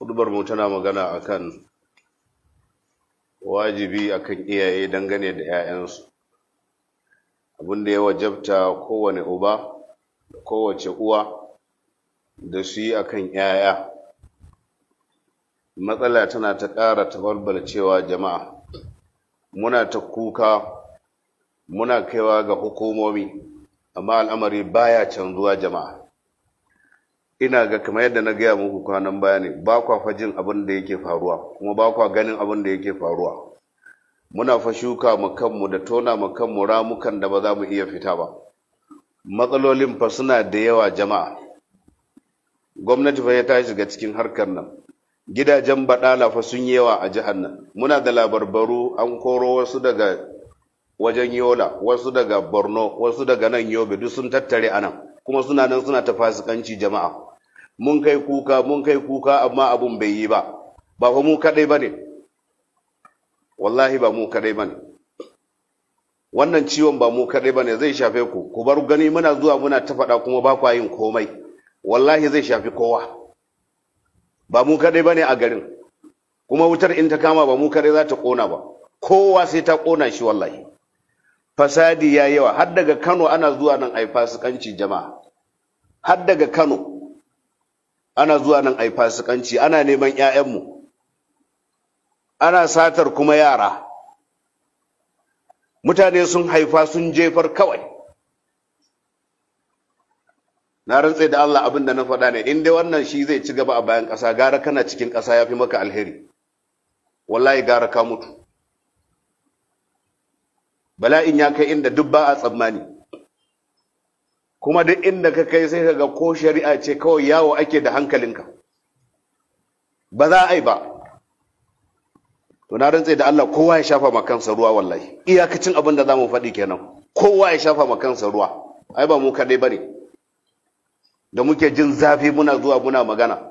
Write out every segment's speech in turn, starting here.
hudubar mu tana magana akan wajibi akan iyaye dangane da 'ya'yansu abin ya wajabta kowane uba da kowace uwa da su yi akan 'ya'ya matsala tana ta ƙara cewa jama'a muna ta kuka muna kaiwa ga hukumomi amma al'amari baya canzuwa jama'a ina ga kamar yadda na gaya muku kwanan bayani ne ba kwa fa jin abin da yake faruwa kuma ba kwa ganin abin da yake faruwa muna fa shuka mu kanmu da tona mu kanmu ramukan da ba za mu iya fita ba matsalolin fa suna da yawa jama'a gwamnati fa ya tashi shiga cikin harkar nan gidajen baɗala fa sun yi yawa a jihar nan muna da labarbaru an koro wasu daga wajen yola wasu daga borno wasu daga nan yobe duk sun tattare anan kuma suna nan suna ta fasikanci jama'a mun kai kuka mun kai kuka amma abun bai yi ba ba fa mu kadai bane wallahi ba mu kadai bane wannan ciwon ba mu kadai bane zai shafe ku ku bar gani muna zuwa muna ta faɗa kuma ba kwa yin komai wallahi zai shafi kowa ba mu kadai bane a garin kuma wutar in ta kama ba mu kadai za ta kona ba kowa sai ta kona shi wallahi fasadi ya yawa har daga Kano ana zuwa nan ai fasikanci jama'a har daga Kano ana zuwa nan ai fasikanci ana neman ƴaƴanmu ana satar kuma yara mutane sun haifa sun jefar kawai na rantse da Allah abin da na faɗa ne in dai wannan shi zai ci gaba a bayan ƙasa gara kana cikin ƙasa yafi maka alheri wallahi gara ka mutu bala'in ya kai inda duk ba a tsammani kuma duk inda ka kai sai ka ga ko shari'a ce kawai yawo ake da hankalinka ba za a yi ba to na da Allah kowa ya shafa ma kansa ruwa wallahi iyakacin abin da zamu faɗi kenan kowa ya shafa ma kansa ruwa ai ba mu kaɗai ba ne. da muke jin zafi muna zuwa muna magana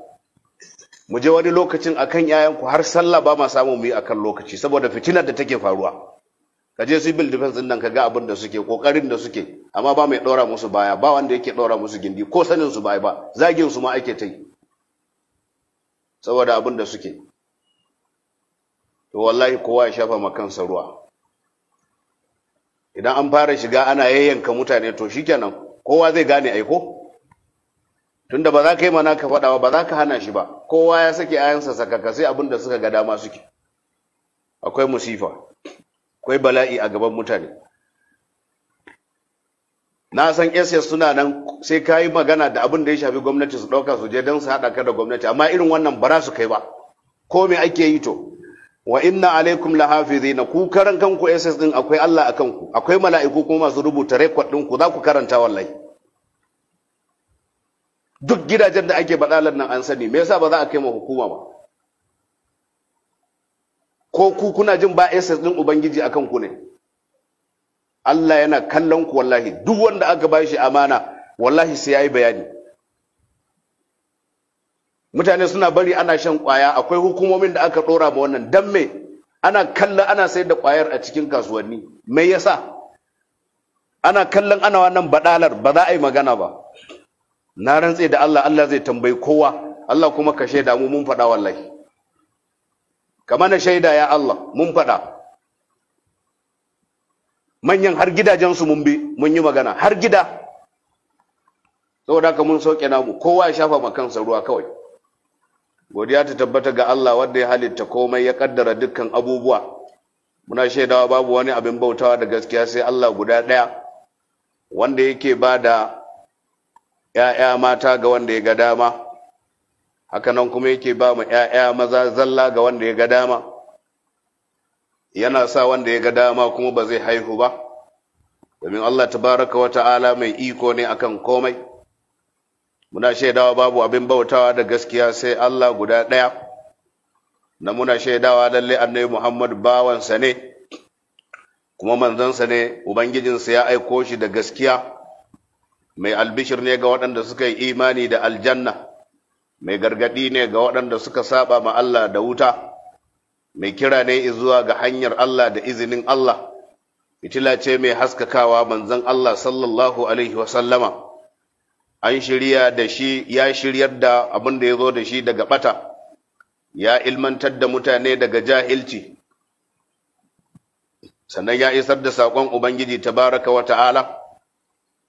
mu je wani lokacin akan yayanku har sallah ba ma samu mu yi akan lokaci saboda fitinar da take faruwa ka je civil defense din nan ka ga abin da suke kokarin da suke amma ba mai ɗora musu baya ba wanda yake ɗora musu gindi ko sanin su baya ba zagin su ma ake ta yi saboda abin da suke to wallahi kowa ya shafa ma kansa ruwa idan an fara shiga ana yayyanka mutane to shikenan kowa zai gane aiko tunda ba za ka yi mana ka faɗawa ba za ka hana shi ba kowa ya sake ayansa sakaka sai abin da suka ga dama suke akwai musifa akwai bala'i a gaban mutane na san ss suna nan sai ka yi magana da abin da ya shafi gwamnati su ɗauka su je don su haɗa ka da gwamnati amma irin wannan ba su kai ba ko me ake yi to wa inna alaikum lahafizina ku karan kanku ss din akwai allah a kanku akwai mala'iku kuma masu rubuta rekod ku za ku karanta wallahi duk gidajen da ake baɗalar nan an sani me yasa ba za a kai ma hukuma ba ko ku kuna jin ba ss din ubangiji akan ku ne Allah yana kallon ku wallahi duk wanda aka ba shi amana wallahi sai yayi bayani mutane suna bari ana shan kwaya akwai hukumomin da aka dora ba wannan dan me ana kallon ana sayar da kwayar a cikin kasuwanni me yasa ana kallon ana wannan badalar ba za a yi magana ba na rantse da Allah Allah zai tambayi kowa Allah kuma ka shaida mu mun faɗa wallahi kamar na shaida ya Allah mun faɗa manyan har gidajensu mun bi mun yi magana har gida saboda ka mun sauke namu kowa ya shafa ma kansa ruwa kawai godiya ta tabbata ga Allah wanda ya halitta komai ya kaddara dukkan abubuwa muna shaidawa babu wani abin bautawa da gaskiya sai Allah guda ɗaya wanda yake ba da ‘ya'ya mata ga wanda ya ga dama hakanan kuma yake ba mu ‘ya'ya maza zalla ga wanda ya ga dama yana sa wanda ya ga dama kuma ba zai haihu ba domin Allah Ta baraka wata ala mai iko ne akan komai muna shaidawa babu abin bautawa da gaskiya sai Allah guda ɗaya na muna shaidawa lalle annabi Muhammad bawansa ne kuma manzansa ne ubangijinsa ya aiko shi da gaskiya mai albishir ne ga waɗanda suka yi imani da aljanna mai gargaɗi ne ga waɗanda suka saba ma Allah da wuta mai kira ne zuwa ga hanyar Allah da izinin Allah fitila ce mai haskakawa manzon Allah sallallahu alaihi wasallama an shirya da shi ya shiryar da abin da ya zo da shi daga bata ya ilmantar da mutane daga jahilci sannan ya isar da saƙon ubangiji tabaraka wa ta'ala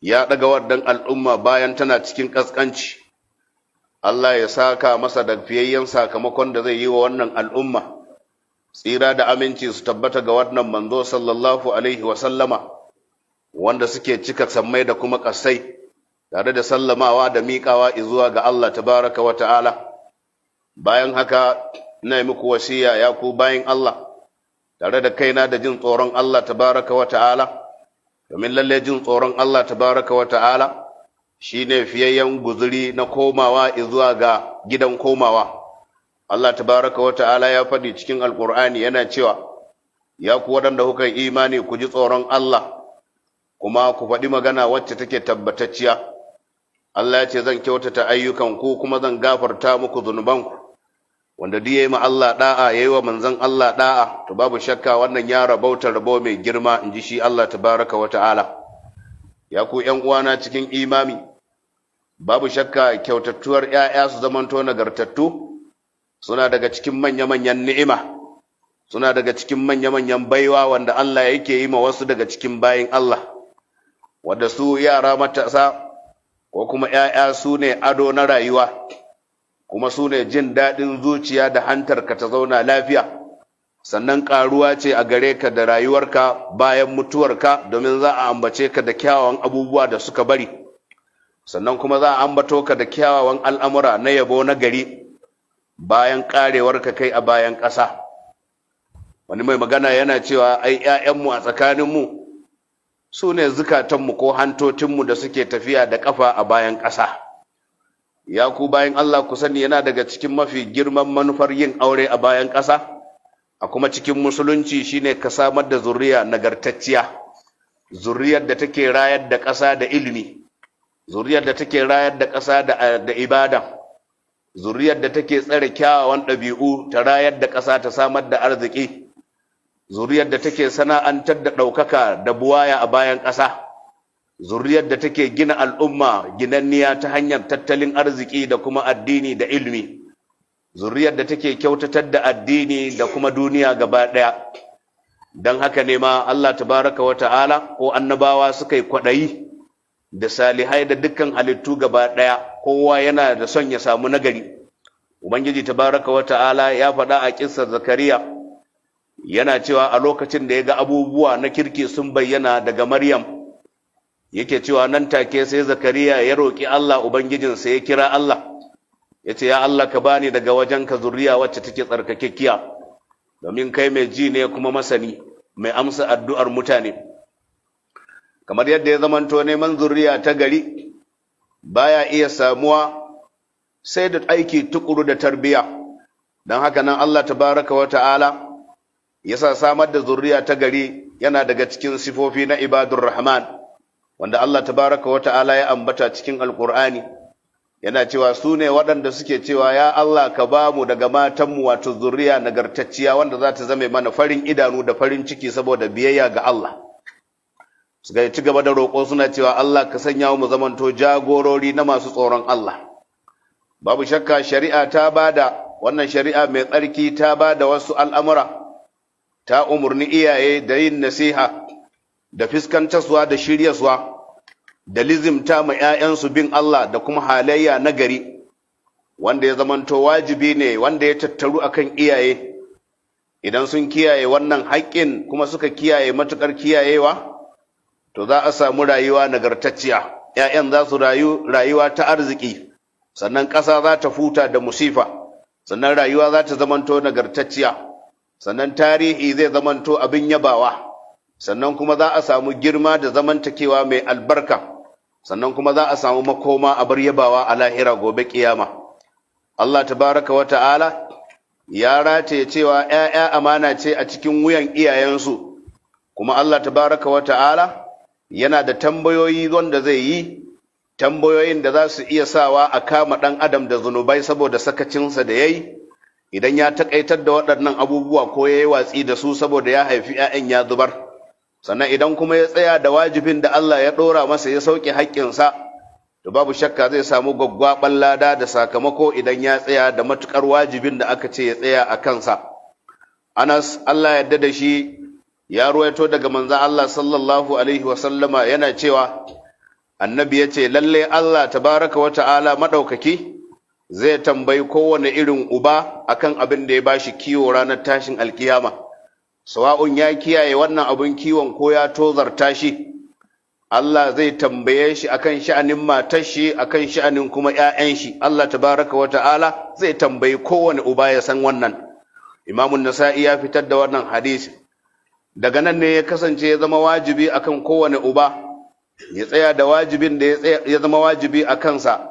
ya ɗaga wadan al'umma bayan tana cikin ƙasƙanci Allah ya saka masa da fiyayyen sakamakon da zai yi wa wannan al'umma tsira da aminci su tabbata ga wannan manzo sallallahu alaihi wa sallama wanda suke cika sammai da kuma kasai tare da sallamawa da miƙawa zuwa ga Allah tabaraka wa ta'ala bayan haka ina yi muku wasiya ya ku bayan Allah tare da kaina da jin tsoron Allah tabaraka wa ta'ala domin lalle jin tsoron Allah tabaraka wa ta'ala shine fiyayyen guzuri na komawa zuwa ga gidan komawa Allah tabaraka wa ta'ala ya faɗi cikin alkur'ani yana cewa ya ku waɗanda kuka yi imani ku ji tsoron Allah kuma ku faɗi magana wacce take tabbatacciya Allah ya ce zan kyautata ayyukan ku kuma zan gafarta muku zunubanku wanda duk yayi ma Allah da'a yayi wa manzon Allah da'a to babu shakka wannan ya rabauta rabo mai girma in ji shi Allah tabaraka wa ta'ala ya ku ƴan uwana cikin imami babu shakka kyautattuwar ƴaƴa su zamanto nagartattu suna daga cikin manya-manyan ni'ima suna daga cikin manya-manyan baiwa wanda Allah yake yi ma wasu daga cikin bayin Allah wanda su yara matasa ko kuma 'ya'ya su ne ado na rayuwa kuma su ne jin daɗin zuciya da hantarka ta zauna lafiya sannan ƙaruwa ce a gare ka da rayuwarka bayan mutuwarka domin za a ambace ka da kyawawan abubuwa da suka bari sannan kuma za a ambato ka da kyawawan al'amura na yabo na gari bayan karewar ka kai a bayan ƙasa wani mai magana yana cewa ai ‘ya'yanmu a tsakaninmu su ne zukatanmu ko hantotinmu da suke tafiya da ƙafa a bayan ƙasa ya ku bayan Allah ku sani yana daga cikin mafi girman manufar yin aure a bayan ƙasa a kuma cikin musulunci shine ka samar da zuriya nagartacciya zuriyar da take rayar da ƙasa da ilimi zuriyar da take rayar da ƙasa da ibada zuriyar da take tsare kyawawan ɗabi'u ta rayar da ƙasa ta samar da arziki zuriyar da take sana'antar da ɗaukaka da buwaya a bayan ƙasa zuriyar da take gina al'umma ginanniya ta hanyar tattalin arziki da kuma addini da ilimi zuriyar da take kyautatar da addini da kuma duniya gaba ɗaya don haka ne ma Allah tabaraka wa ta'ala ko annabawa suka yi kwaɗayi da salihai da dukkan halittu gaba ɗaya kowa yana da son ya samu nagari ubangiji tabaraka wa ta'ala ya faɗa a kissar zakariya yana cewa a lokacin da ya ga abubuwa na kirki sun bayyana daga maryam yake cewa nan take sai zakariya ya roƙi allah ubangijinsa ya kira allah ya ce ya allah ka bani daga wajen ka zuriya wacce take tsarkakekkiya domin kai mai ji ne kuma masani mai amsa addu'ar mutane kamar yadda ya zamanto neman zuriya ta gari baya iya samuwa sai da aiki tukuru da tarbiya don haka nan Allah tabaraka wa ta'ala ya sa samar da zurriya ta gari yana daga cikin sifofi na ibadur rahman wanda Allah tabaraka wa ta'ala ya ambata cikin alkur'ani yana cewa su ne waɗanda suke cewa ya Allah ka ba mu daga matanmu wato zurriya nagartacciya wanda za ta zame mana farin idanu da farin ciki saboda biyayya ga Allah suka ci gaba da roƙo suna cewa Allah ka sanya mu zamanto jagorori na masu tsoron Allah babu shakka shari'a ta bada wannan shari'a mai tsarki ta bada wasu al'amura ta umurni iyaye da yin nasiha da fiskantarsuwa da shiryaswa da lizimta ma 'ya'yansu bin Allah da kuma halayya na gari wanda ya zamanto wajibi ne wanda ya tattaru akan iyaye idan sun kiyaye wannan haƙƙin kuma suka kiyaye matukar kiyayewa to za a samu rayuwa nagartacciya ‘ya'yan za su rayu rayuwa ta arziki sannan ƙasa za ta futa da musifa sannan rayuwa za ta zamanto nagartacciya sannan tarihi zai zamanto abin yabawa sannan kuma za a samu girma da zamantakewa mai albarka sannan kuma za a samu makoma a bar yabawa a lahira gobe kiyama Allah tabaraka wa ta'ala ya rataye cewa ‘ya'ya amana ce a cikin wuyan iyayensu, kuma Allah tabaraka wa ta'ala yana da tambayoyi wanda zai yi tambayoyin da za su iya sawa a kama ɗan adam da zunubai saboda sakacinsa da ya yi idan ya taƙaitar da waɗannan abubuwa ko ya yi watsi da su saboda ya haifi 'ya'yan ya zubar sannan idan kuma ya tsaya da wajibin da Allah ya ɗora masa ya sauƙi haƙƙinsa to babu shakka zai samu gwaggwaɓar lada da sakamako idan ya tsaya da matuƙar wajibin da aka ce ya tsaya a kansa anas Allah ya da shi ya ruwaito daga manzan Allah sallallahu alaihi wasallama yana cewa annabi ya ce lalle Allah tabaraka wa ta'ala maɗaukaki zai tambayi kowane irin uba akan abin da ya bashi kiwo ranar tashin alkiyama sawa'un ya kiyaye wannan abin kiwon ko ya tozarta shi Allah zai tambaye shi akan sha'anin matar shi akan sha'anin kuma 'ya'yan shi Allah tabaraka wa ta'ala zai tambayi kowane uba ya san wannan Imamun Nasa'i ya fitar da wannan hadisi daga nan ne ya kasance ya zama wajibi akan kowane uba ya tsaya da wajibin da ya zama wajibi a kansa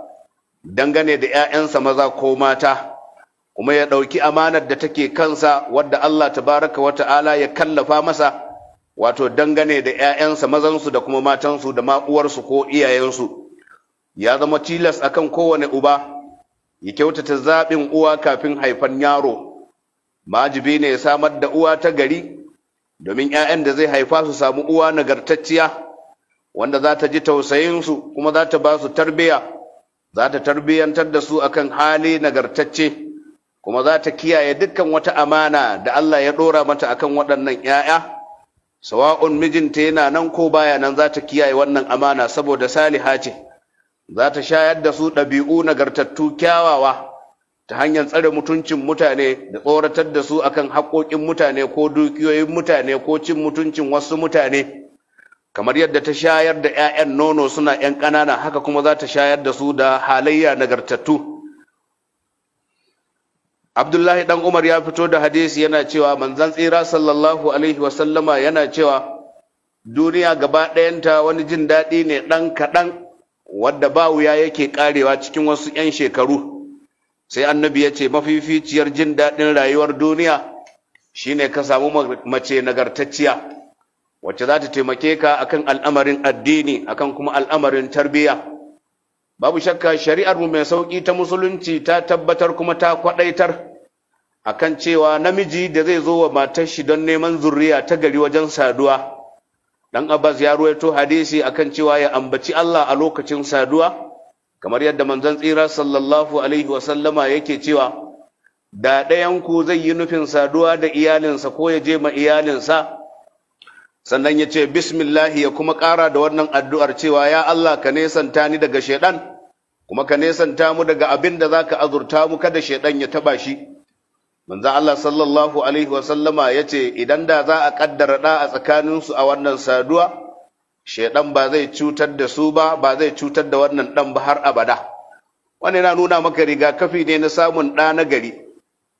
dangane da 'ya'yansa maza ko mata kuma ya ɗauki amanar da take kansa wadda Allah tabaraka wa ta'ala ya kallafa masa wato dangane da 'ya'yansa mazansu da kuma matansu da ma'uwarsu ko iyayensu ya zama tilas akan kowane uba ya kyautata zaɓin uwa kafin haifan yaro majibi ne ya samar da uwa ta gari domin 'ya'yan da zai haifa su samu uwa nagartacciya wanda za ta ji su kuma za ta ba su tarbiya za ta tarbiyantar da su akan hali nagartacce kuma za ta kiyaye dukkan wata amana da Allah ya ɗora mata akan waɗannan 'ya'ya sawa'un mijinta yana nan ko baya nan za ta kiyaye wannan amana saboda saliha ce za ta shayar da su ɗabi'u nagartattu kyawawa ta hanyar tsare mutuncin mutane da tsoratar da su akan haƙoƙin mutane ko dukiyoyin mutane ko cin mutuncin wasu mutane kamar yadda ta shayar da 'ya'yan nono suna 'yan ƙanana haka kuma za ta shayar da su da halayya nagartattu abdullahi dan umar ya fito da hadisi yana cewa manzan tsira sallallahu alaihi wasallama yana cewa duniya gaba ɗayanta wani jin daɗi ne ɗan kaɗan wadda ba wuya yake ƙarewa cikin wasu 'yan shekaru sai annabi ya ce mafificiyar jin daɗin rayuwar duniya shine ka samu mace nagartacciya wacce za ta taimake ka akan al'amarin addini akan kuma al'amarin tarbiyya babu shakka shari'ar mu mai sauƙi ta musulunci ta tabbatar kuma ta kwaɗaitar akan cewa namiji da zai zo wa matar shi don neman zurriya ta gari wajen saduwa dan abbas ya ruwaito hadisi akan cewa ya ambaci Allah a lokacin saduwa kamar yadda manzon tsira sallallahu alaihi wa sallama yake cewa da ɗayan ku zai yi nufin saduwa da iyalinsa ko ya je ma iyalinsa sannan ya ce bismillahi ya kuma ƙara da wannan addu'ar cewa ya Allah ka nesanta ni daga shaiɗan kuma ka nesanta mu daga abin da zaka azurta mu kada shaiɗan ya taba shi manzan Allah sallallahu alaihi sallama ya ce idan da za a ƙaddara da a tsakaninsu a wannan saduwa shedan ba zai cutar da su ba ba zai cutar da wannan dan ba har abada wannan yana nuna maka rigakafi ne na samun ɗa na gari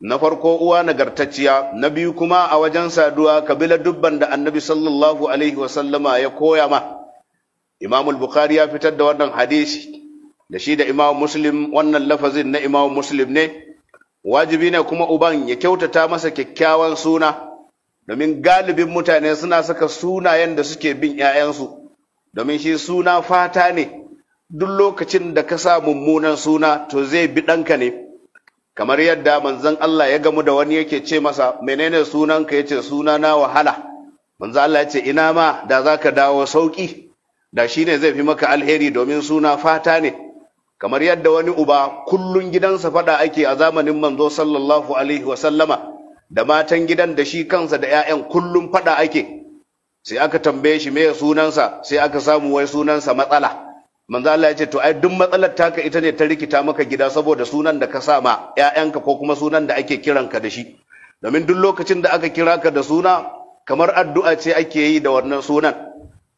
na farko uwa nagartacciya na biyu kuma a wajen saduwa kabila dubban da annabi sallallahu alaihi wasallama ya koya ma imam bukhari ya fitar da wannan hadisi da shi da imam muslim wannan lafazin na imam muslim ne wajibi ne kuma uban ya kyautata masa kyakkyawan suna domin galibin mutane suna saka sunayen da suke bin 'ya'yansu domin shi suna fata ne duk lokacin da ka sa mummunan suna to zai bi ɗanka ne kamar yadda manzon Allah ya gamu da wani yake ce masa menene sunanka yace suna na wahala manzon Allah yace ina ma da zaka dawo sauki da shine zai fi maka alheri domin suna fata ne kamar yadda wani uba kullun gidansa fada ake a zamanin manzo sallallahu alaihi wa sallama da matan gidan da shi kansa da 'ya'yan kullum fada ake sai aka tambaye shi me sunansa sai aka samu wai sunansa matsala manzo Allah ya ce to ai duk matsalar taka ita ne ta rikita maka gida saboda sunan da ka sa ma 'ya'yanka ko kuma sunan da ake kiranka da shi domin duk lokacin da aka kira ka da suna kamar addu'a ce ake yi da wannan sunan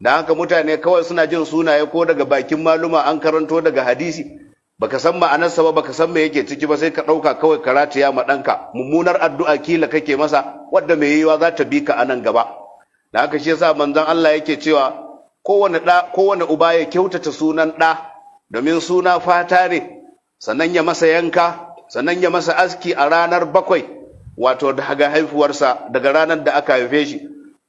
da haka mutane kawai suna jin sunaye ko daga bakin maluma an karanto daga hadisi baka san ma'anarsa ba baka san me yake ciki ba sai ka ɗauka kawai karatiya ma ɗanka mummunar addu'a kila kake masa wadda mai yiwa za ta bi ka a gaba da haka shi yasa manzon Allah yake cewa kowane da kowane uba ya kyautata sunan ɗa domin suna fata ne sannan ya masa yanka sannan ya masa aski a ranar bakwai wato daga haifuwarsa daga ranar da aka haife shi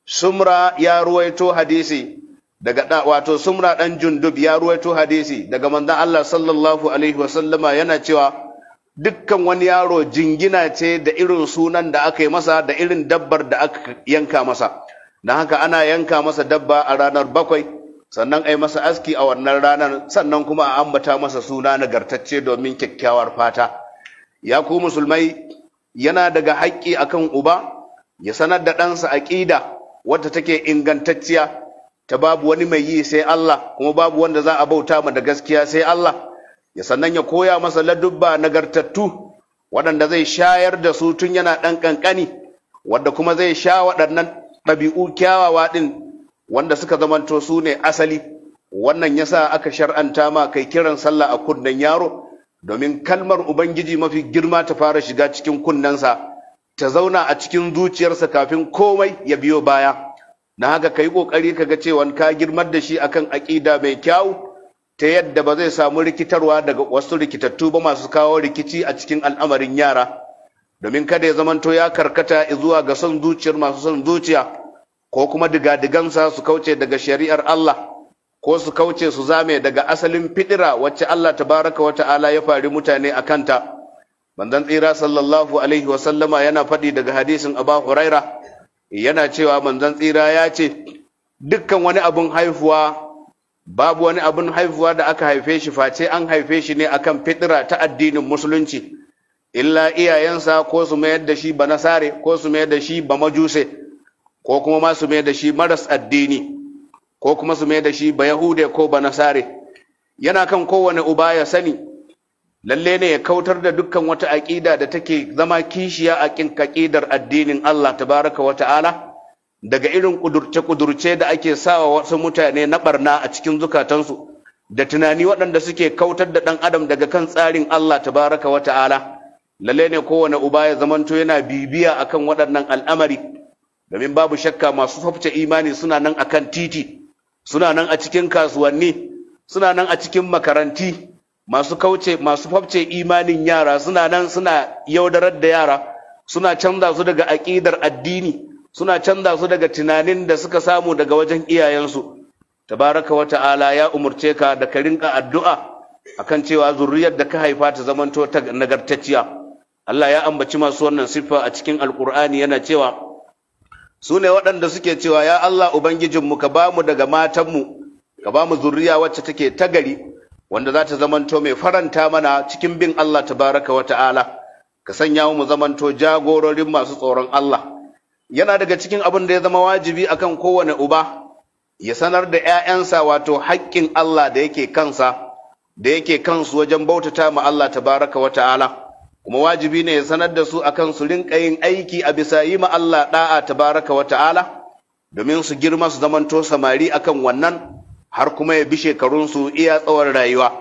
sumra ya ruwaito hadisi daga wato sumra dan jundub ya ruwaito hadisi daga manzon Allah sallallahu alaihi wasallama yana cewa dukkan wani yaro jingina ce da irin sunan da aka yi masa da irin dabbar da aka yanka masa Na haka ana yanka masa dabba a ranar bakwai sannan ai masa aski a wannan ranar sannan kuma a ambata masa suna nagartacce domin kyakkyawar fata ya ku musulmai yana daga haƙƙi akan uba ya sanar da ɗansa aƙida wadda take ingantacciya ta babu wani mai yi sai Allah kuma babu wanda za a bauta ma da gaskiya sai Allah ya sannan ya koya masa ladubba nagartattu waɗanda zai shayar da su tun yana ɗan ƙanƙani wanda kuma zai sha waɗannan ɗabi'u kyawawa ɗin wanda suka zamanto su ne asali wannan yasa aka shar'anta ma kai kiran sallah a kunnen yaro domin kalmar ubangiji mafi girma ta fara shiga cikin kunnensa ta zauna a cikin zuciyarsa kafin komai ya biyo baya na haka ka yi ƙoƙari ka ga cewa ka girmar da shi akan aƙida mai kyau ta yadda ba zai samu rikitarwa daga wasu rikitattu ba masu kawo rikici a cikin al'amarin yara domin kada ya zamanto ya karkata zuwa ga son zuciyar masu son zuciya ko kuma digadigansa su kauce daga shari'ar Allah ko su kauce su zame daga asalin fidira wacce Allah tabaraka Wata'ala ya fari mutane a kanta manzon tsira sallallahu alaihi wa sallama yana faɗi daga hadisin abu Huraira yana cewa manzon tsira ya ce dukkan wani abun haifuwa babu wani abun haifuwa da aka haife shi face an haife shi ne akan fitira ta addinin musulunci illa iyayensa ko su mayar da shi ba nasare ko su mayar da shi ba majuse ko kuma ma su mayar da shi maras addini ko kuma su mayar da shi ba yahude ko ba nasare yana kan kowane uba ya sani lalle ne ya kautar da dukkan wata aƙida da take zama kishiya a ƙin ƙaƙidar addinin Allah tabaraka wa ta'ala daga irin ƙudurce-ƙudurce da ake sawa wasu mutane na barna a cikin zukatansu da tunani waɗanda suke kautar da ɗan adam daga kan tsarin Allah tabaraka wa ta'ala lalle ne kowane uba ya zamanto yana bibiya akan waɗannan al'amari domin babu shakka masu fafce imani suna nan akan titi suna nan a cikin kasuwanni suna nan a cikin makaranti masu kauce masu fafce imanin yara suna nan suna yaudarar da yara suna canza su daga aƙidar addini suna canza su daga tunanin da suka samu daga wajen iyayensu tabaraka wa ta'ala ya umurce ka da ka rinka addu'a akan cewa zuriyar da ka haifa ta zamanto ta nagartacciya Allah ya ambaci masu wannan siffa a cikin alkur'ani yana cewa su ne waɗanda suke cewa ya Allah ubangijinmu ka bamu daga matanmu ka bamu zurriya wacce take ta gari wanda za ta zamanto mai faranta mana cikin bin Allah tabaraka wa ta'ala ka sanya mu zamanto jagororin masu tsoron Allah yana daga cikin abin da ya zama wajibi akan kowane uba ya sanar da 'ya'yansa wato haƙƙin Allah da yake kansa da yake kansu wajen bautata ma Allah tabaraka wa ta'ala kuma wajibi ne ya sanar da su akan su rinka yin aiki a bisa yi ma Allah da'a tabaraka wa ta'ala domin su girma su zamanto samari akan wannan har kuma ya bi shekarunsu iya tsawon rayuwa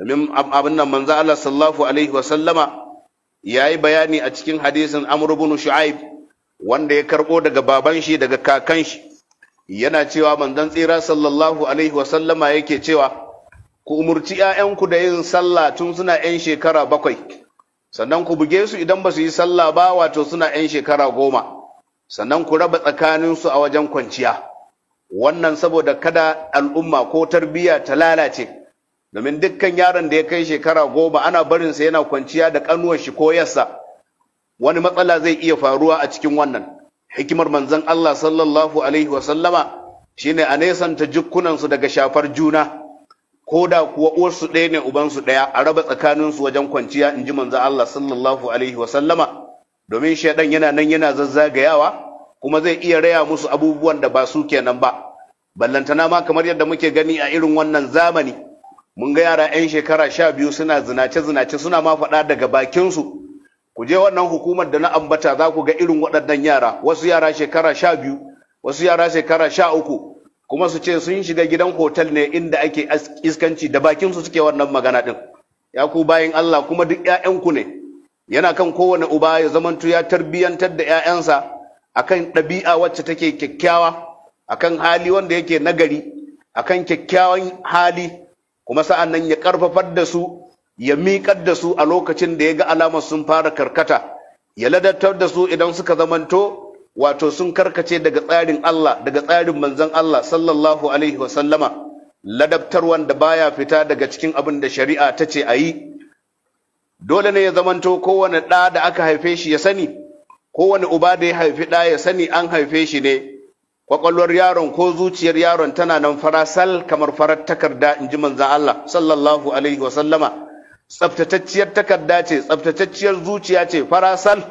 domin abin nan manzo Allah sallallahu alaihi wa sallama yayi bayani a cikin hadisin Amr ibn Shu'aib wanda ya karbo daga baban shi daga kakan shi yana cewa manzon tsira sallallahu alaihi wa sallama yake cewa ku umurci 'ya'yanku da yin sallah tun suna 'yan shekara bakwai sannan ku buge su idan ba su yi sallah ba wato suna 'yan shekara goma sannan ku raba tsakaninsu a wajen kwanciya wannan saboda kada al'umma ko tarbiyya ta lalace domin dukkan yaron da ya kai shekara goma ana barinsa yana kwanciya da kanuwar shi ko yassa wani matsala zai iya faruwa a cikin wannan hikimar manzon Allah sallallahu alaihi wasallama shine a nesanta jukkunansu daga shafar juna ko da kuwa uwarsu ɗaya ne ubansu ɗaya a raba tsakaninsu wajen kwanciya in ji manzon Allah sallallahu alaihi wasallama domin shaidan yana nan yana zazzagayawa kuma zai iya raya musu abubuwan da ba su kenan ba ballantana ma kamar yadda muke gani a irin wannan zamani mun ga yara 'yan shekara sha biyu suna zinace zinace suna ma faɗa daga bakinsu ku je wannan hukumar da na ambata za ku ga irin waɗannan yara wasu yara shekara sha biyu wasu yara shekara sha uku kuma su ce sun shiga gidan hotel ne inda ake iskanci da bakinsu suke wannan magana ɗin ya ku bayin Allah kuma duk 'ya'yanku ne yana kan kowane uba ya zamantu ya tarbiyyantar da 'ya'yansa akan ɗabi'a wacce take kyakkyawa akan hali wanda yake nagari akan kyakkyawan hali kuma sa'an nan ya ƙarfafar da su ya miƙar da su a lokacin da ya ga alamar sun fara karkata ya ladattar da su idan suka zamanto wato sun karkace daga tsarin Allah daga tsarin manzon Allah sallallahu alaihi wasallama ladabtar wanda baya fita daga cikin abin da shari'a ta ce a yi dole ne ya zamanto kowane ɗa da aka haife shi ya sani kowane uba da ya haifi ɗa ya sani an haife shi ne kwakwalwar yaron ko zuciyar yaron tana nan farasal kamar farar takarda in ji manzan Allah sallallahu alaihi wasallama tsaftatacciyar takarda ce tsaftatacciyar zuciya ce farasal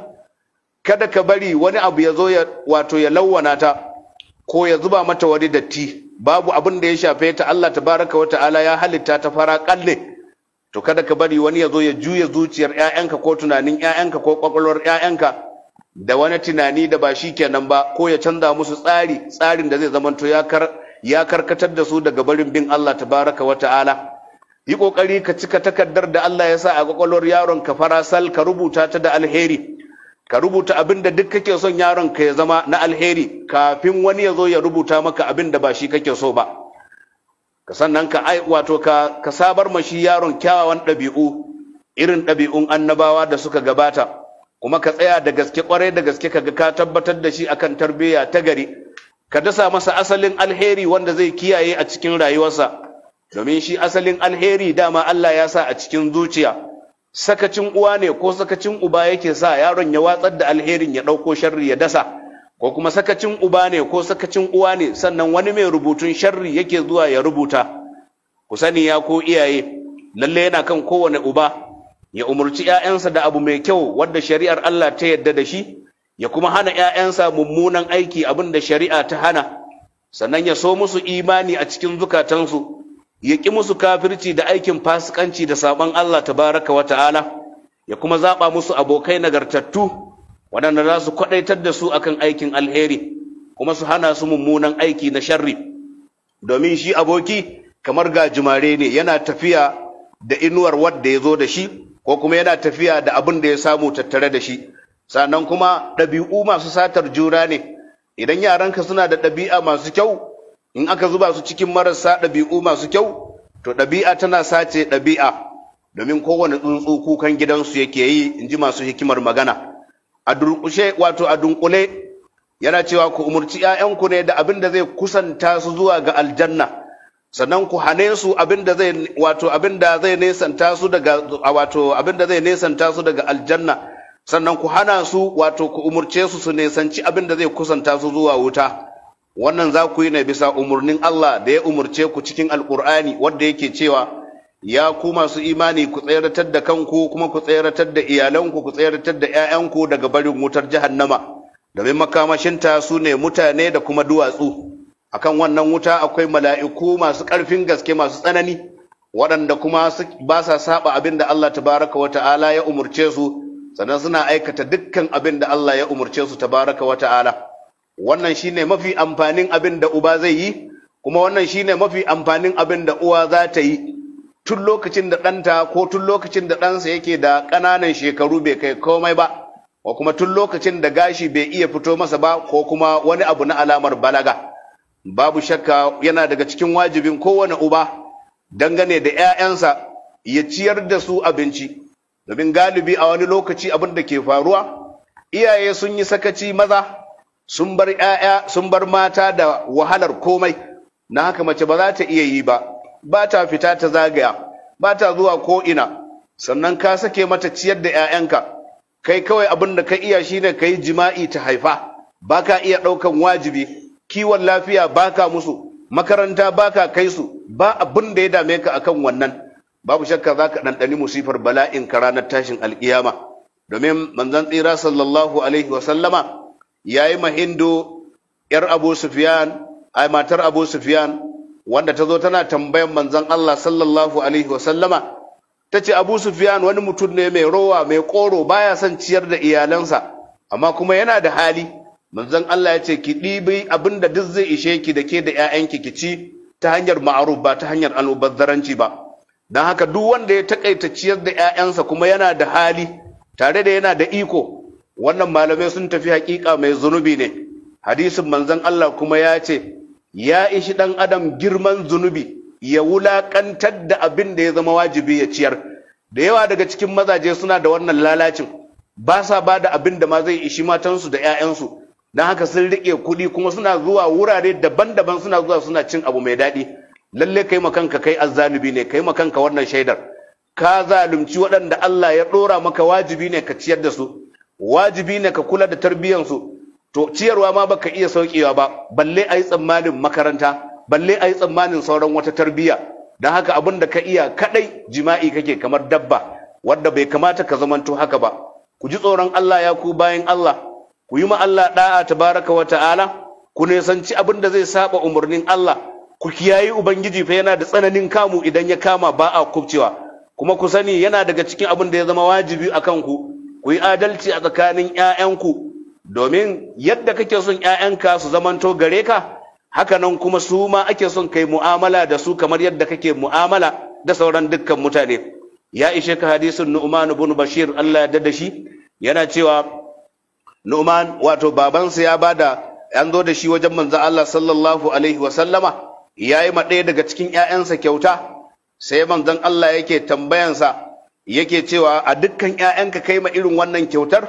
kada ka bari wani abu ya zo ya wato ya lawwana ta ko ya zuba mata wani datti babu abin da ya shafe ta Allah tabaraka wa ta'ala ya halitta ta fara kalle to kada ka bari wani ya zo ya juya zuciyar 'ya'yanka ko tunanin 'ya'yanka ko kwakwalwar 'ya'yanka da wani tunani da ba shi kenan ba ko ya canza musu tsari tsarin da zai zamanto ya kar ya karkatar da su daga barin bin Allah tabaraka wa ta'ala yi kokari ka cika takardar da Allah ya sa a kwakwalwar yaron ka farasal ka rubuta ta da alheri ka rubuta abin da duk kake son yaron ka ya zama na alheri kafin wani ya zo ya rubuta maka abin da ba shi kake so ba ka sannan ka ai wato ka ka sabar mashi yaron kyawawan ɗabi'u irin ɗabi'un annabawa da suka gabata kuma ka tsaya da gaske kwarai da gaske ga ka tabbatar da shi akan tarbiyya ta gari ka dasa masa asalin alheri wanda zai kiyaye a cikin rayuwarsa domin shi asalin alheri dama Allah ya sa a cikin zuciya sakacin uwa ne ko sakacin uba yake sa yaron ya watsar da alherin ya ɗauko sharri ya dasa ko kuma sakacin uba ne ko sakacin uwa ne sannan wani mai rubutun sharri yake zuwa ya rubuta ku sani ya ko iyaye lalle yana kan kowane uba ya umurci ‘ya'yansa da abu mai kyau wadda shari'ar Allah ta yadda da shi, ya kuma hana ‘ya'yansa mummunan aiki abin da shari'a ta hana, sannan ya so musu imani a cikin zukatansu, ya ƙi musu kafirci da aikin fasikanci da saɓon Allah ta baraka wa ta'ala, ya kuma zaɓa musu abokai nagartattu waɗanda za su kwaɗaitar da su akan aikin alheri, kuma su hana su mummunan aiki na sharri. Domin shi aboki kamar gajimare ne yana tafiya da inuwar wadda ya zo da shi, ko kuma yana tafiya da abin da ya samu tattare da shi sannan kuma ɗabi'u masu satar jura ne idan yaranka suna da ɗabi'a masu kyau in aka zuba su cikin marasa ɗabi'u masu kyau to ɗabi'a tana sace ɗabi'a domin kowane tsuntsu kukan gidansu yake yi in ji masu hikimar magana a durƙushe wato a dunƙule yana cewa ku umurci 'ya'yanku ne da abin da zai kusanta su zuwa ga aljanna sannan ku hane su abinda zai wato abinda zai nesanta su daga wato abinda zai nesanta su daga aljanna sannan ku hana su wato ku umurce su su nesanci abinda zai kusanta su zuwa wuta wannan za ku yi ne bisa umurnin Allah da ya umurce ku cikin alkur'ani wanda yake cewa ya ku masu imani ku tsayaratar da kanku kuma ku tsayaratar da iyalanku ku tsayaratar da 'ya'yanku daga barin wutar jahannama domin makamashinta su ne mutane da kuma duwatsu akan wannan wuta akwai mala'iku masu ƙarfin gaske masu tsanani waɗanda kuma ba sa saba abin da Allah tabaraka wa ta'ala ya umurce su sannan suna aikata dukkan abin da Allah ya umurce su tabaraka wa ta'ala wannan shine mafi amfanin abin da uba zai yi kuma wannan shine mafi amfanin abin da uwa za ta yi tun lokacin da ɗanta ko tun lokacin da ɗansa yake da ƙananan shekaru bai kai komai ba ko kuma tun lokacin da gashi bai iya fito masa ba ko kuma wani abu na alamar balaga babu shakka yana daga cikin wajibin kowane uba dangane da 'ya'yansa ya ciyar da su abinci domin galibi a wani lokaci abin da ke faruwa iyaye sun yi sakaci maza sun bar 'ya'ya sun bar mata da wahalar komai na haka mace ba za ta iya yi ba ba ta fita ta zagaya ba ta zuwa ko ina sannan ka sake mata ciyar da 'ya'yanka kai kawai abin da ka iya shine ka yi jima'i ta haifa ba ka iya ɗaukan wajibi kiwon lafiya baka musu makaranta baka kai su ba abin da ya dame ka akan wannan babu shakka za ka ɗanɗani musifar bala'in ka ranar tashin alƙiyama domin manzon tsira sallallahu alaihi wa sallama ya yi mahindo yar abu sufiyan a matar abu sufiyan wanda ta zo tana tambayan manzan allah sallallahu alaihi wa sallama ta ce abu sufiyan wani mutum ne mai rowa mai koro baya son ciyar da iyalansa amma kuma yana da hali manzon Allah ya ce ki ɗibi abin da duk zai ishe ki da ke da 'ya'yanki ki ci ta hanyar ma'aruf ba ta hanyar al'ubazzaranci ba don haka duk wanda ya takaita ciyar da 'ya'yansa kuma yana da hali tare da yana da iko wannan malamai sun tafi haƙiƙa mai zunubi ne hadisin manzon Allah kuma ya ce ya ishi ɗan adam girman zunubi ya wulaƙantar da abin da ya zama wajibi ya ciyar da yawa daga cikin mazaje suna da wannan lalacin ba sa ba da abin da ma zai ishi matansu da 'ya'yansu don haka sun riƙe kuɗi kuma suna zuwa wurare daban-daban suna zuwa suna cin abu mai daɗi lalle kai makanka kai azzalubi ne kai makanka wannan shaidar ka zalunci waɗanda Allah ya ɗora maka wajibi ne ka ciyar da su wajibi ne ka kula da tarbiyyansu to ciyarwa ma baka iya saukewa ba balle a yi tsammanin makaranta balle a yi tsammanin sauran wata tarbiyya don haka abin da ka iya kaɗai jima'i kake kamar dabba wadda bai kamata ka zamanto haka ba ku ji tsoron Allah ya ku bayan Allah ku yi Allah da'a tabaraka wa ta'ala ku nesanci abin da zai saba umarnin Allah ku kiyayi ubangiji fa yana da tsananin kamu idan ya kama ba a kubcewa kuma ku sani yana daga cikin abin da ya zama wajibi a ku ku yi adalci a tsakanin 'ya'yanku domin yadda kake son 'ya'yanka su zamanto gare ka haka nan kuma su ma ake son kai mu'amala da su kamar yadda kake mu'amala da sauran dukkan mutane ya ishe ka hadisin nu'man ibn bashir Allah ya dada shi yana cewa Nu'man wato babansa ya bada an zo da shi wajen manzo Allah sallallahu alaihi wa sallama yayi ma ɗaya daga cikin ƴaƴansa kyauta sai manzon Allah yake tambayansa yake cewa a dukkan ƴaƴanka kai ma irin wannan kyautar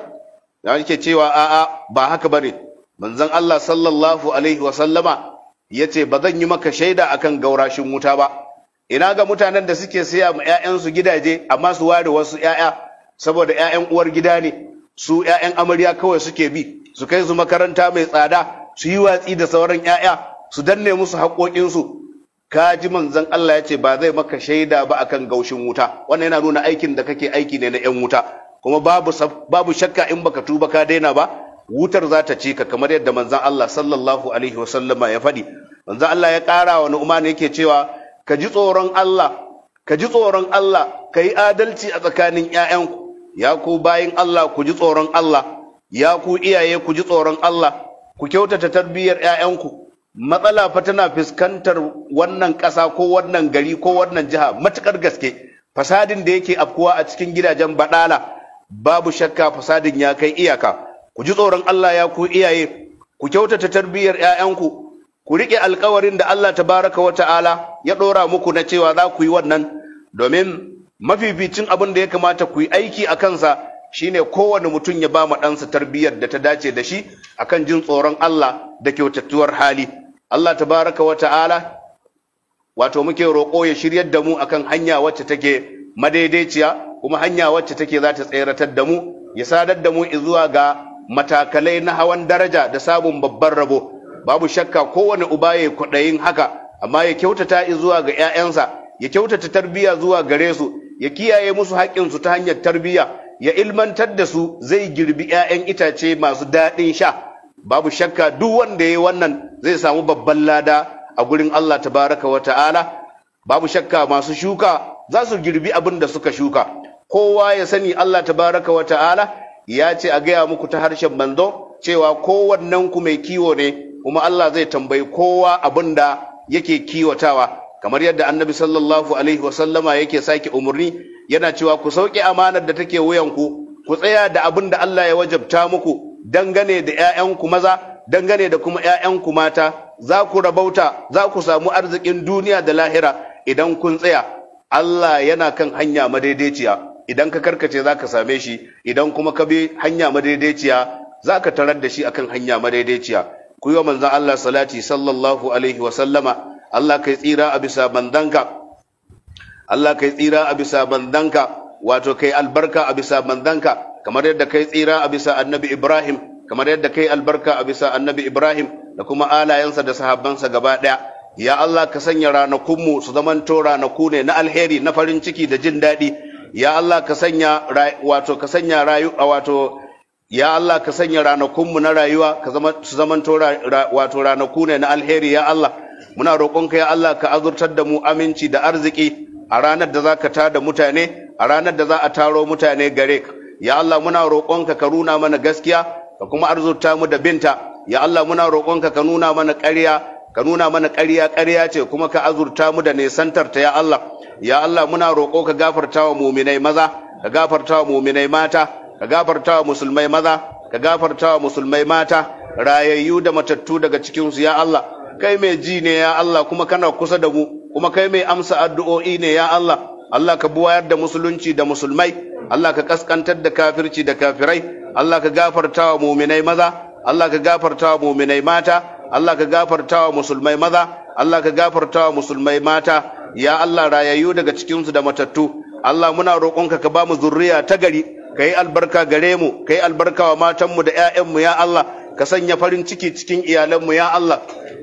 yake cewa a'a ba haka bane manzon Allah sallallahu alaihi wa sallama yace ba zan yi maka shaida akan gaurashin wuta ba ina ga mutanen da suke siya ma 'ya'yansu gidaje amma su ware wasu 'ya'ya saboda 'ya'yan uwar gida ne su ƴaƴan amarya kawai suke bi su kai su makaranta mai tsada su yi watsi da sauran ƴaƴa, su danne musu haƙoƙinsu ka ji manzon Allah ya ce ba zai maka shaida ba akan gaushin wuta wannan yana nuna aikin da kake aiki ne na ƴan wuta kuma babu babu shakka in baka tuba ka daina ba wutar za ta ci ka kamar yadda manzon Allah sallallahu alaihi wasallama ya faɗi manzon Allah ya ƙara wa Nu'man yake cewa ka ji tsoron Allah ka ji tsoron Allah ka yi adalci a tsakanin ƴaƴanku. ya ku bayin Allah ku ji tsoron Allah ya ku iyaye ku ji tsoron Allah ku kyautata tarbiyyar 'ya'yanku matsala fa tana fuskantar wannan ƙasa ko wannan gari ko wannan jiha matukar gaske fasadin da yake afkuwa a cikin gidajen baɗala babu shakka fasadin ya kai iyaka ku ji tsoron Allah ya ku iyaye ku kyautata tarbiyyar 'ya'yanku ku riƙe alƙawarin da Allah tabaraka wa ta'ala ya ɗora muku na cewa za ku yi wannan domin mafificin abin da ya kamata ku yi aiki a kansa shine kowane mutum ya ba ma ɗansa tarbiyyar da ta dace da shi akan jin tsoron Allah da kyautattuwar hali Allah tabaraka wa ta'ala wato muke roƙo ya shiryar da mu akan hanya wacce take madaidaiciya kuma hanya wacce take za ta tseratar da mu ya sadar da mu zuwa ga matakalai na hawan daraja da sabon babban rabo babu shakka kowane uba ya kwaɗayin haka amma ya kyautata zuwa ga 'ya'yansa ya kyautata tarbiyya zuwa gare su ya kiyaye musu haƙƙinsu ta hanyar tarbiyya ya ilmantar da su zai girbi 'ya'yan itace masu daɗin sha babu shakka duk wanda ya yi wannan zai samu babban lada a gurin Allah tabaraka wa ta'ala babu shakka masu shuka za su girbi abin da suka shuka kowa ya sani Allah tabaraka wa ta'ala ya ce a gaya muku ta harshen manzo cewa kowannen ku mai kiwo ne kuma Allah zai tambayi kowa abin da yake kiwatawa kamar yadda annabi sallallahu alaihi wasallama yake sake umarni yana cewa ku sauke amanar da take wuyanku ku tsaya da abin da Allah ya wajabta muku dangane da 'ya'yanku maza dangane da kuma 'ya'yanku mata za ku rabauta za ku samu arzikin duniya da lahira idan kun tsaya Allah yana kan hanya madaidaiciya idan ka karkace za ka same shi idan kuma ka bi hanya madaidaiciya za ka tarar da shi akan hanya madaidaiciya ku yi wa manzon Allah salati sallallahu alaihi wa sallama. Allah kai tsira a bisa bandanka Allah kai tsira a bisa bandanka wato kai albarka a bisa bandanka kamar yadda kai tsira a bisa annabi Ibrahim kamar yadda kai albarka a bisa annabi Ibrahim da kuma alayensa da sahabbansa gaba daya ya Allah ka sanya ranakunmu su zaman to ranaku ne na alheri na farin ciki da jin daɗi ya Allah ka sanya wato ka sanya rayu wato ya Allah ka sanya ranakunmu na rayuwa ka zama su zaman to wato ranaku ne na alheri ya Allah muna roƙonka ya Allah ka azurtar da mu aminci da arziki a ranar da za ka tada mutane a ranar da za a taro mutane gare ka ya Allah muna roƙonka ka nuna mana gaskiya ka kuma arzuta mu da binta ya Allah muna roƙonka ka nuna mana ƙarya ka nuna mana ƙarya ƙarya ce kuma ka azurta mu da nesantar ta ya Allah ya Allah muna roƙo ka gafarta wa muminai maza ka gafarta wa muminai mata ka gafarta wa musulmai maza ka gafarta wa musulmai mata rayayyu da matattu daga cikinsu ya Allah kai mai ji ne ya Allah kuma kana kusa da mu kuma kai mai amsa addu'o'i ne ya Allah Allah ka buwayar da musulunci da musulmai Allah ka kaskantar da kafirci da kafirai Allah ka gafarta wa muminai maza Allah ka gafarta wa muminai mata Allah ka gafarta wa musulmai maza Allah ka gafarta wa musulmai mata ya Allah rayayyu daga cikinsu da matattu Allah muna roƙonka ka ba mu zurriya ta gari ka albarka gare mu ka albarka wa matan mu, da mu ya Allah ka sanya farin ciki cikin mu ya Allah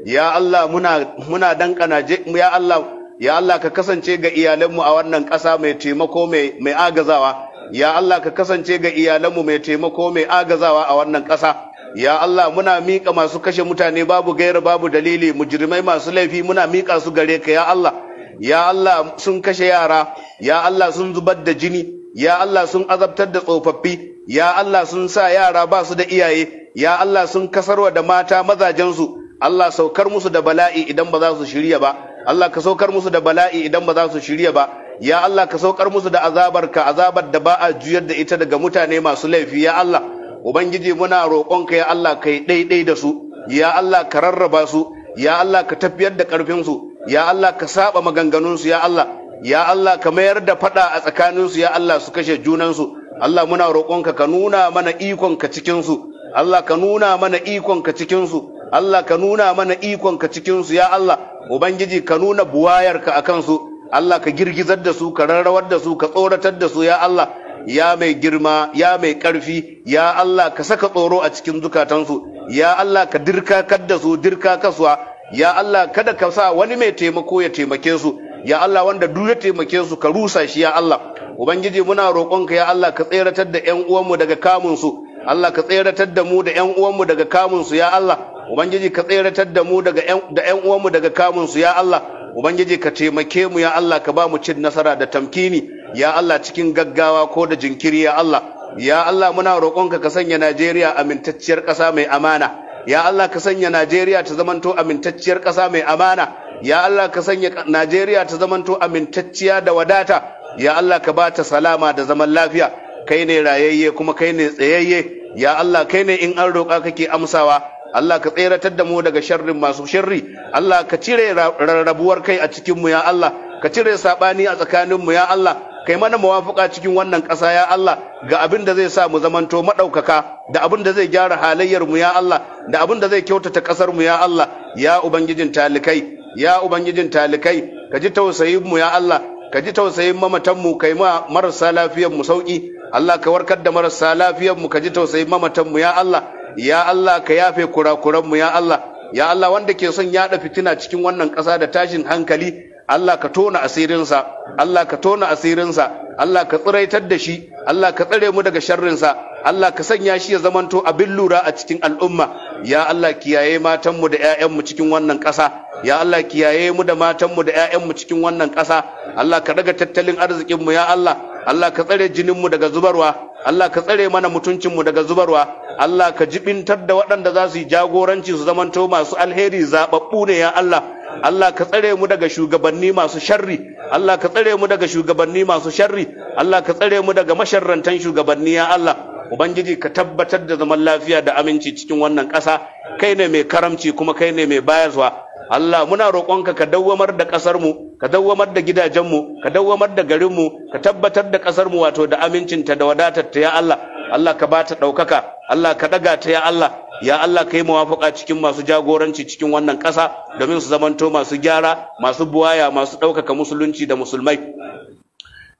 ya Allah muna muna dankana ya Allah ya Allah ka kasance ga iyalanmu a wannan ƙasa mai taimako mai mai agazawa ya Allah ka kasance ga iyalanmu mai taimako mai agazawa a wannan ƙasa ya Allah muna miƙa masu kashe mutane babu gaira babu dalili mujrimai masu laifi muna miƙa su gare ka ya Allah ya Allah sun kashe yara ya Allah sun zubar da jini ya Allah sun azabtar da tsofaffi ya Allah sun sa yara ba su da iyaye ya Allah sun kasarwa da mata mazajensu Allah saukar musu da bala'i idan ba za su shirya ba Allah ka saukar musu da bala'i idan ba za su shirya ba ya Allah ka saukar musu da azabar ka azabar da ba a juyar da ita daga mutane masu laifi ya Allah ubangiji muna roƙonka ya Allah ka yi daidai da su ya Allah ka rarraba su ya Allah ka tafiyar da ƙarfin su ya Allah ka saba maganganun su ya Allah ya Allah ka mayar da fada a tsakanin su ya Allah su kashe junan su Allah muna roƙonka ka nuna mana ikonka ka cikin su Allah ka nuna mana ikonka ka cikin su Allah ka nuna mana ikonka cikinsu ya Allah ubangiji ka nuna buwayarka a kansu Allah ka girgizar da su ka rarrawar da su ka tsoratar da su ya Allah ya mai girma ya mai ƙarfi ya Allah ka saka tsoro a cikin zukatansu ya Allah ka dirkakar da su dirka kasuwa ya Allah kada ka sa wani mai taimako ya taimake su ya Allah wanda duk ya taimake su ka rusa shi ya Allah ubangiji muna roƙonka ya Allah ka tseratar da ƴan uwanmu daga kamun su Allah ka tseratar da mu da ƴan uwanmu daga kamunsu. su ya Allah ubangiji ka tseratar da mu daga da ƴan uwanmu daga kamun su ya Allah ubangiji ka taimake mu ya Allah ka ba mu cin nasara da tamkini ya Allah cikin gaggawa ko da jinkiri ya Allah ya Allah muna roƙonka ka sanya Najeriya amintacciyar ƙasa mai amana ya Allah ka sanya Najeriya ta zamanto amintacciyar ƙasa mai amana ya Allah ka sanya Najeriya ta zamanto amintacciya da wadata ya Allah ka ba ta salama da zaman lafiya kai ne rayayye kuma kai ne tsayayye ya Allah kai ne in an roƙa kake amsawa Allah ka tseratar da mu daga sharrin masu sharri Allah ka cire rarrabuwar kai a cikin mu ya Allah ka cire sabani a tsakanin mu ya Allah kai mana muwafuka cikin wannan ƙasa ya Allah ga abin da zai sa mu zamanto maɗaukaka da abin da zai gyara halayyar mu ya Allah da abin da zai kyautata ƙasar mu ya Allah ya ubangijin talikai ya ubangijin talikai ka ji tausayin mu ya Allah ka ji tausayin mamatan mu kai ma marasa lafiyar mu sauki Allah ka warkar da marasa lafiyar mu ka ji tausayin mamatan mu ya Allah ya Allah ka yafe kurakuranmu ya Allah ya Allah wanda ke son yaɗa fitina cikin wannan ƙasa da tashin hankali Allah ka tona asirinsa Allah ka tona asirinsa Allah ka tsiraitar da shi Allah ka tsare mu daga sharrinsa Allah ka sanya shi ya zamanto abin lura a cikin al'umma ya Allah kiyaye matanmu da 'ya'yanmu cikin wannan ƙasa ya Allah kiyaye mu da matanmu da 'ya'yanmu cikin wannan ƙasa Allah ka daga tattalin arzikinmu ya Allah Allah ka tsare jininmu daga zubarwa Allah ka tsare mana mutuncinmu daga zubarwa Allah ka jibintar da waɗanda za su yi jagoranci su zamanto masu alheri zaɓaɓɓu ne ya Allah Allah ka tsare mu daga shugabanni masu sharri Allah ka tsare mu daga shugabanni masu sharri Allah ka tsare mu daga masharrantan shugabanni ya Allah Ubangiji ka tabbatar da zaman lafiya da aminci cikin wannan ƙasa kai ne mai karamci kuma kai ne mai bayarwa Allah muna roƙonka ka dawwamar da ƙasar mu ka dawwamar da gidajen mu ka dawwamar da garin mu ka tabbatar da ƙasar mu wato da ta da wadatar ta ya Allah Allah ka bata ɗaukaka Allah ka ɗaga ta ya Allah ya Allah kai muwafaka cikin masu jagoranci cikin wannan ƙasa domin su zamanto masu gyara masu buwaya masu ɗaukaka musulunci da musulmai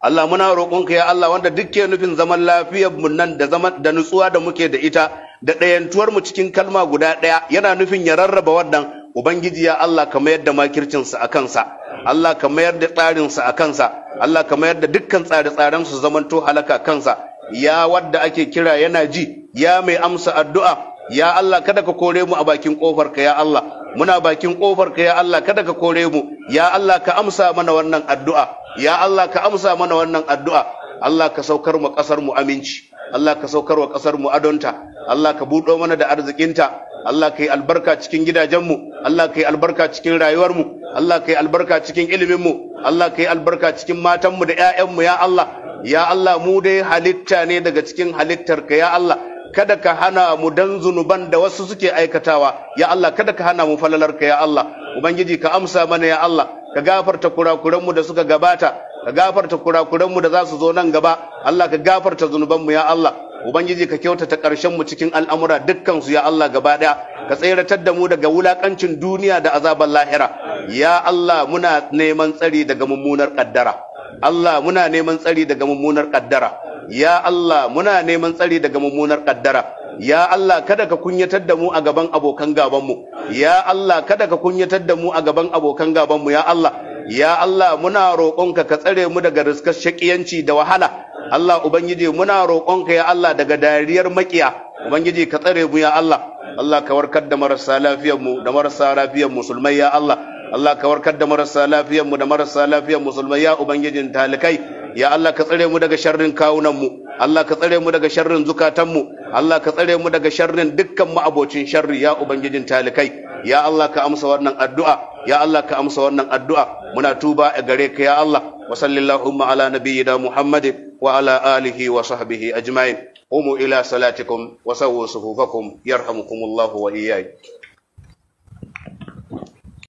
Allah muna roƙonka ya Allah wanda dukke nufin zaman lafiyar mu nan da zaman da nutsuwa da muke da ita da ɗayantuwar mu cikin kalma guda ɗaya yana nufin ya rarraba wannan ubangiji ya Allah ka mayar da makircinsa a kansa Allah ka mayar da tsarinsa a kansa Allah ka mayar da dukkan tsare-tsaren su zamanto halaka kansa ya wadda ake kira yana ji ya mai amsa addu'a ya Allah kada ka kore mu a bakin kofar ya Allah muna bakin ƙofarka ka ya Allah kada ka kore mu ya Allah ka amsa mana wannan addu'a ya Allah ka amsa mana wannan addu'a Allah ka saukar mu kasar mu aminci Allah ka saukar wa ƙasar mu adonta Allah ka buɗo mana da arzikinta Allah ka yi albarka cikin gidajenmu Allah ka yi albarka cikin rayuwarmu Allah ka yi albarka cikin iliminmu Allah ka yi albarka cikin matanmu da 'ya'yanmu ya Allah ya Allah mu dai halitta ne daga cikin halittarka ya Allah kada ka hana mu dan zunuban da wasu suke aikatawa ya Allah kada ka hana mu falalar ka. ya Allah ubangiji ka amsa mana ya Allah ka gafarta kurakuranmu da suka gabata ka gafarta kurakuranmu da za su zo nan gaba Allah ka gafarta zunubanmu ya Allah ubangiji ka kyautata karshen mu cikin al'amura dukkan su ya Allah gaba daya ka tseratar da mu daga wulakancin duniya da azabar lahira ya Allah muna neman tsari daga mummunar kaddara Allah muna neman tsari daga mummunar kaddara ya Allah muna neman tsari daga mummunar kaddara ya Allah kada ka kunyatar da mu a gaban abokan gabanmu ya Allah kada ka kunyatar da mu a gaban abokan gabanmu ya Allah ya Allah muna roƙonka ka tsare mu daga riskar shakiyanci da wahala Allah ubangiji muna roƙonka ya Allah daga dariyar makiya ubangiji ka tsare mu ya Allah Allah ka warkar da marasa lafiyar mu da marasa lafiyar musulmai ya Allah Allah ka warkar da marasa lafiyar mu da marasa lafiyar musulmai ya ubangijin talikai ya Allah ka tsare mu daga sharrin kawunan mu. Allah ka tsare mu daga sharrin zukatan mu. Allah ka tsare mu daga sharrin dukkan mu abocin sharri ya ubangijin talikai ya Allah ka amsa wannan addu'a ya Allah ka amsa wannan addu'a muna tuba a gare ka ya Allah wa sallallahu ala nabiyyina Muhammadin wa ala alihi wa sahbihi ajma'in umu ila salatikum wa sawwu sufufakum yarhamukumullahu wa iyyakum